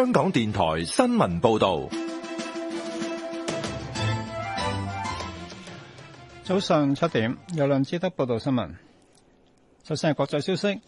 香港電台新聞報道，早上七點，有梁志德報道新聞。首先係國際消息，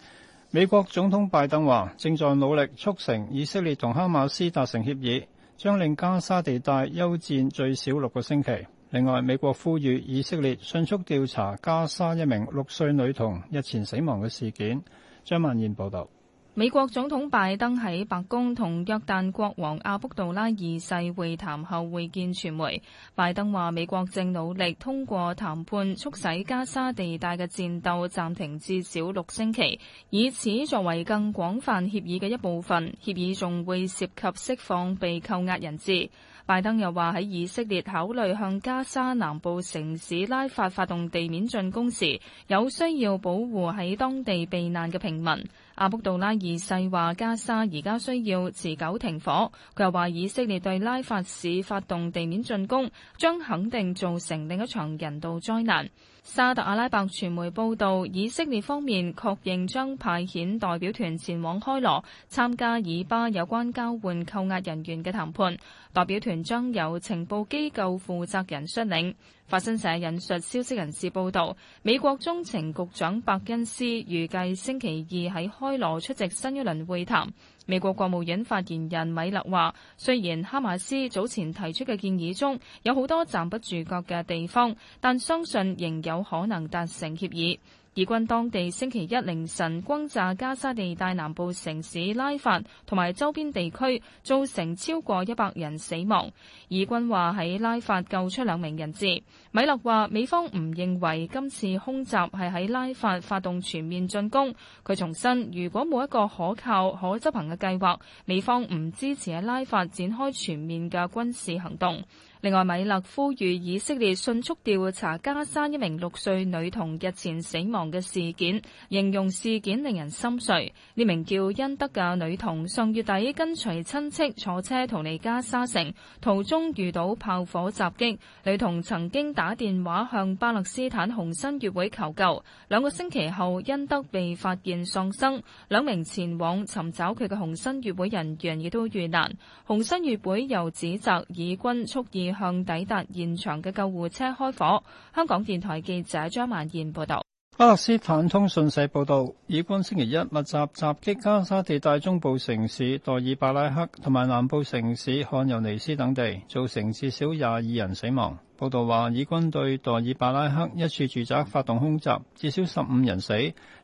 美國總統拜登話正在努力促成以色列同哈馬斯達成協議，將令加沙地帶休戰最少六個星期。另外，美國呼籲以色列迅速調查加沙一名六歲女童日前死亡嘅事件。張曼燕報道。美國總統拜登喺白宮同約旦國王阿卜杜拉二世會談後會見傳媒。拜登話：美國正努力通過談判，促使加沙地帶嘅戰鬥暫停至至少六星期，以此作為更廣泛協議嘅一部分。協議仲會涉及釋放被扣押人質。拜登又話喺以色列考慮向加沙南部城市拉法發動地面進攻時，有需要保護喺當地避難嘅平民。阿卜杜拉二世話：加沙而家需要持久停火。佢又話：以色列對拉法市發動地面進攻，將肯定造成另一場人道災難。沙特阿拉伯傳媒報道，以色列方面確認將派遣代表團前往開羅參加以巴有關交換扣押人員嘅談判。代表團將由情報機構負責人率領。法新社引述消息人士報道，美國中情局長伯恩斯預計星期二喺開羅出席新一輪會談。美國國務院發言人米勒話，雖然哈馬斯早前提出嘅建議中有好多站不住腳嘅地方，但相信仍有可能達成協議。以軍當地星期一凌晨轟炸加沙地帶南部城市拉法同埋周邊地區，造成超過一百人死亡。以軍話喺拉法救出兩名人質。米勒話：美方唔認為今次空襲係喺拉法發動全面進攻。佢重申，如果冇一個可靠可執行嘅計劃，美方唔支持喺拉法展開全面嘅軍事行動。另外，米勒呼籲以色列迅速調查加沙一名六歲女童日前死亡嘅事件，形容事件令人心碎。呢名叫恩德嘅女童上月底跟隨親戚坐車逃離加沙城，途中遇到炮火襲擊，女童曾經打電話向巴勒斯坦紅新月會求救。兩個星期後恩德被發現喪生。兩名前往尋找佢嘅紅新月會人員亦都遇難，紅新月會又指責以軍蓄意，向抵達現場嘅救護車開火。香港電台記者張曼燕報道。巴勒斯坦通信社報道，以軍星期一密集襲擊加沙地帶中部城市代爾巴拉克同埋南部城市漢尤尼斯等地，造成至少廿二人死亡。報道話，以軍對代爾巴拉克一處住宅發動空襲，至少十五人死，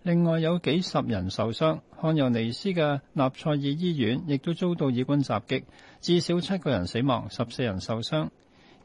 另外有幾十人受傷。漢尤尼斯嘅納賽爾醫院亦都遭到以軍襲擊，至少七個人死亡，十四人受傷。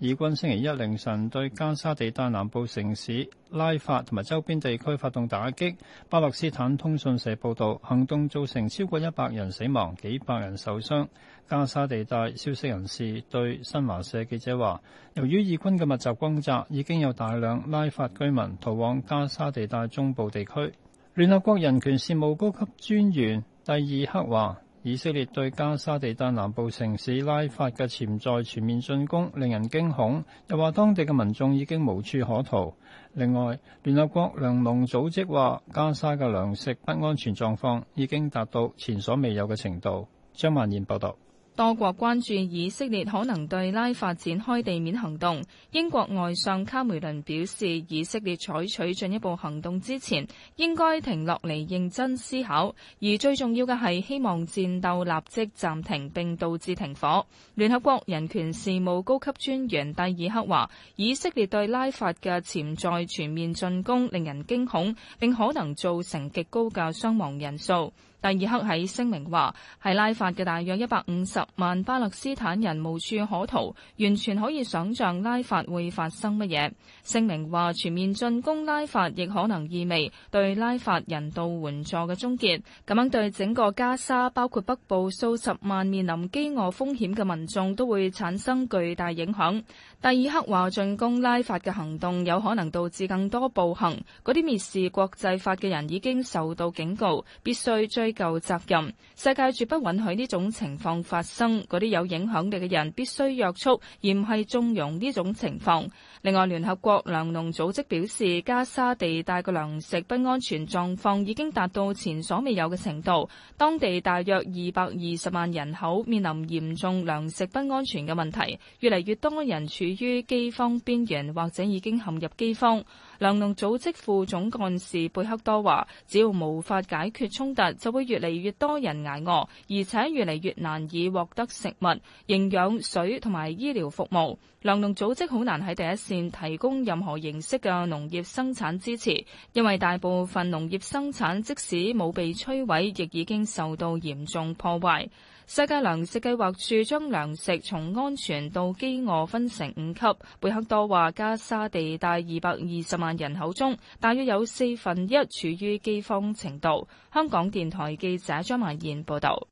以軍星期一凌晨對加沙地帶南部城市拉法同埋周邊地區發動打擊。巴勒斯坦通訊社報導，行動造成超過一百人死亡、幾百人受傷。加沙地帶消息人士對新華社記者話，由於以軍嘅密集轟炸，已經有大量拉法居民逃往加沙地帶中部地區。聯合國人權事務高級專員蒂爾克話。以色列對加沙地帶南部城市拉法嘅潛在全面進攻令人驚恐，又話當地嘅民眾已經無處可逃。另外，聯合國糧農組織話，加沙嘅糧食不安全狀況已經達到前所未有嘅程度。張萬賢報導。多國關注以色列可能對拉法展開地面行動。英國外相卡梅倫表示，以色列採取進一步行動之前，應該停落嚟認真思考。而最重要嘅係，希望戰鬥立即暫停並導致停火。聯合國人權事務高級專員蒂爾克話，以色列對拉法嘅潛在全面進攻令人驚恐，並可能造成極高嘅傷亡人數。第二刻喺聲明話，係拉法嘅大約一百五十萬巴勒斯坦人無處可逃，完全可以想像拉法會發生乜嘢。聲明話，全面進攻拉法亦可能意味對拉法人道援助嘅終結，咁樣對整個加沙，包括北部數十萬面臨飢餓風險嘅民眾，都會產生巨大影響。第二刻話，進攻拉法嘅行動有可能導致更多暴行，嗰啲蔑視國際法嘅人已經受到警告，必須最。追究責任，世界絕不允許呢種情況發生。嗰啲有影響力嘅人必須約束，而唔係縱容呢種情況。另外，聯合國糧農組織表示，加沙地帶嘅糧食不安全狀況已經達到前所未有嘅程度，當地大約二百二十萬人口面臨嚴重糧食不安全嘅問題，越嚟越多人處於饑荒邊緣或者已經陷入饑荒。糧農組織副總幹事貝克多話，只要無法解決衝突，就會越嚟越多人捱餓，而且越嚟越難以獲得食物、營養水同埋醫療服務。糧農組織好難喺第一線提供任何形式嘅農業生產支持，因為大部分農業生產即使冇被摧毀，亦已經受到嚴重破壞。世界糧食計劃署將糧食從安全到饑餓分成五級。貝克多話：加沙地帶二百二十萬人口中，大約有四分一處於饑荒程度。香港電台記者張曼燕報導。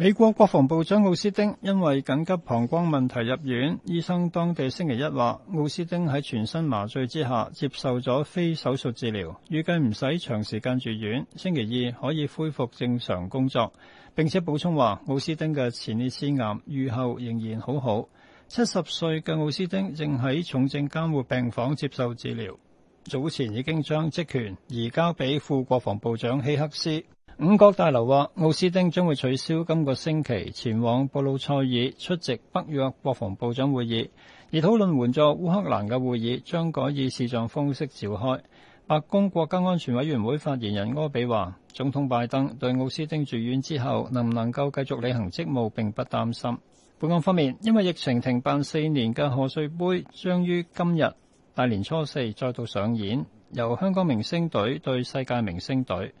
美國國防部長奧斯汀因為緊急膀胱問題入院，醫生當地星期一話，奧斯汀喺全身麻醉之下接受咗非手術治療預計唔使長時間住院，星期二可以恢復正常工作，並且補充話，奧斯汀嘅前列腺癌預後仍然好好。七十歲嘅奧斯汀正喺重症監護病房接受治療，早前已經將職權移交俾副國防部長希克斯。五角大樓話，奧斯丁將會取消今個星期前往布魯塞爾出席北約國防部長會議，而討論援助烏克蘭嘅會議將改以視像方式召開。白宮國家安，安全委員會發言人柯比話，總統拜登對奧斯丁住院之後能唔能夠繼續履行職務並不擔心。本港方面，因為疫情停辦四年嘅賀歲盃，將於今日大年初四再度上演，由香港明星隊對世界明星隊。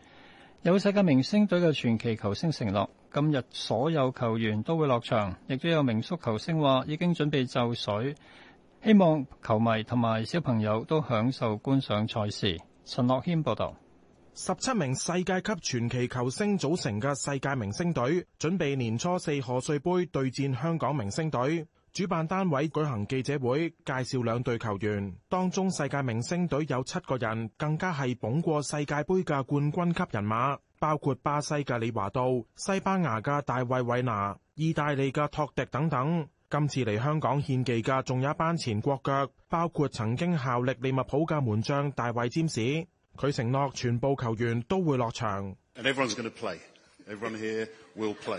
有世界明星隊嘅傳奇球星承諾，今日所有球員都會落場，亦都有名宿球星話已經準備就緒，希望球迷同埋小朋友都享受觀賞賽事。陳樂謙報道：十七名世界級傳奇球星組成嘅世界明星隊，準備年初四賀歲盃對戰香港明星隊。主辦單位舉行記者會，介紹兩隊球員，當中世界明星隊有七個人，更加係捧過世界杯嘅冠軍級人馬，包括巴西嘅李華道、西班牙嘅大衛韋拿、意大利嘅托迪等等。今次嚟香港獻技嘅仲有一班前國腳，包括曾經效力利物浦嘅門將大衛占士。佢承諾全部球員都會落場。Everyone's gonna play. Everyone here will play.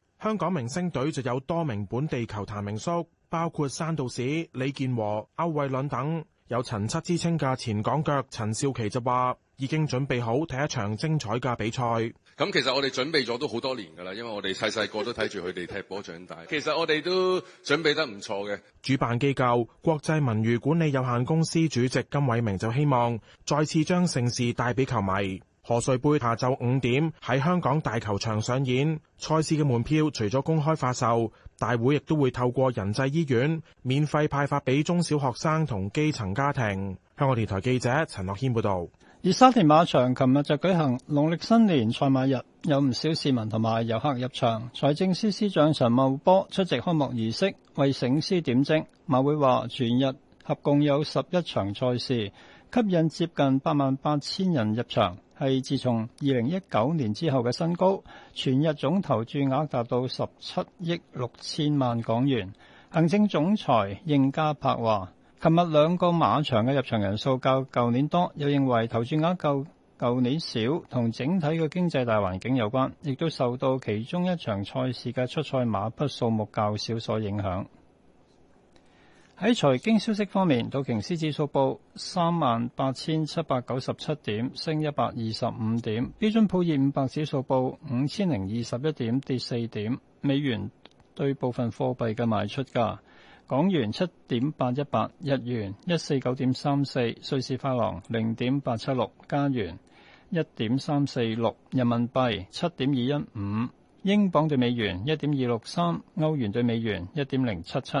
香港明星隊就有多名本地球壇名宿，包括山道士李健和、歐偉倫等。有陳七之稱嘅前港腳陳少奇就話已經準備好睇一場精彩嘅比賽。咁其實我哋準備咗都好多年㗎啦，因為我哋細細個都睇住佢哋踢波長大。其實我哋都準備得唔錯嘅。主辦機構國際文娛管理有限公司主席金偉明就希望再次將盛事帶俾球迷。賀歲盃下晝五點喺香港大球場上演。賽事嘅門票除咗公開發售，大會亦都會透過仁濟醫院免費派發俾中小學生同基層家庭。香港電台記者陳樂謙報道。而沙田馬場琴日就舉行農曆新年賽馬日，有唔少市民同埋遊客入場。財政司司長陳茂波出席開幕儀式，為醒獅點睛。馬會話：全日。合共有十一場賽事，吸引接近八萬八千人入場，係自從二零一九年之後嘅新高。全日總投注額達到十七億六千萬港元。行政總裁應家柏話，琴日兩個馬場嘅入場人數較舊年多，又認為投注額較舊年少，同整體嘅經濟大環境有關，亦都受到其中一場賽事嘅出賽馬匹數目較少所影響。喺財經消息方面，道瓊斯指數報三萬八千七百九十七點，升一百二十五點；標準普爾五百指數報五千零二十一點，跌四點。美元對部分貨幣嘅賣出價：港元七點八一八，日元一四九點三四，瑞士法郎零點八七六，加元一點三四六，人民幣七點二一五，英鎊對美元一點二六三，歐元對美元一點零七七。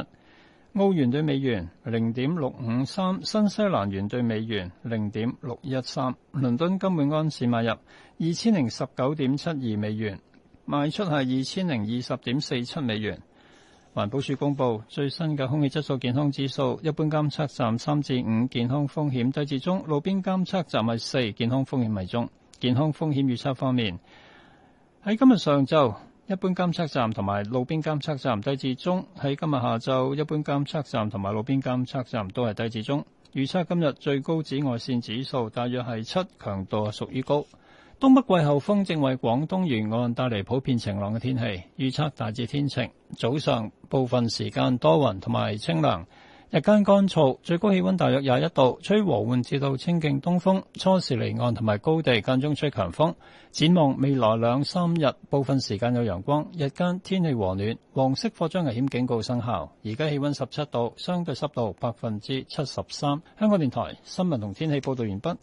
澳元兌美元零點六五三，新西蘭元兌美元零點六一三，倫敦金每安士買入二千零十九點七二美元，賣出係二千零二十點四七美元。環保署公布最新嘅空氣質素健康指數，一般監測站三至五健康風險低至中，路邊監測站係四健康風險為中，健康風險預測方面喺今日上晝。一般監測站同埋路邊監測站低至中，喺今日下晝，一般監測站同埋路邊監測站都係低至中。預測今日最高紫外線指數大約係七，強度屬於高。東北季候風正為廣東沿岸帶嚟普遍晴朗嘅天氣，預測大致天晴，早上部分時間多雲同埋清涼。日間乾燥，最高氣溫大約廿一度，吹和緩至到清勁東風，初時離岸同埋高地間中吹強風。展望未來兩三日，部分時間有陽光，日間天氣和暖。黃色火災危險警告生效，而家氣溫十七度，相對濕度百分之七十三。香港電台新聞同天氣報導完畢。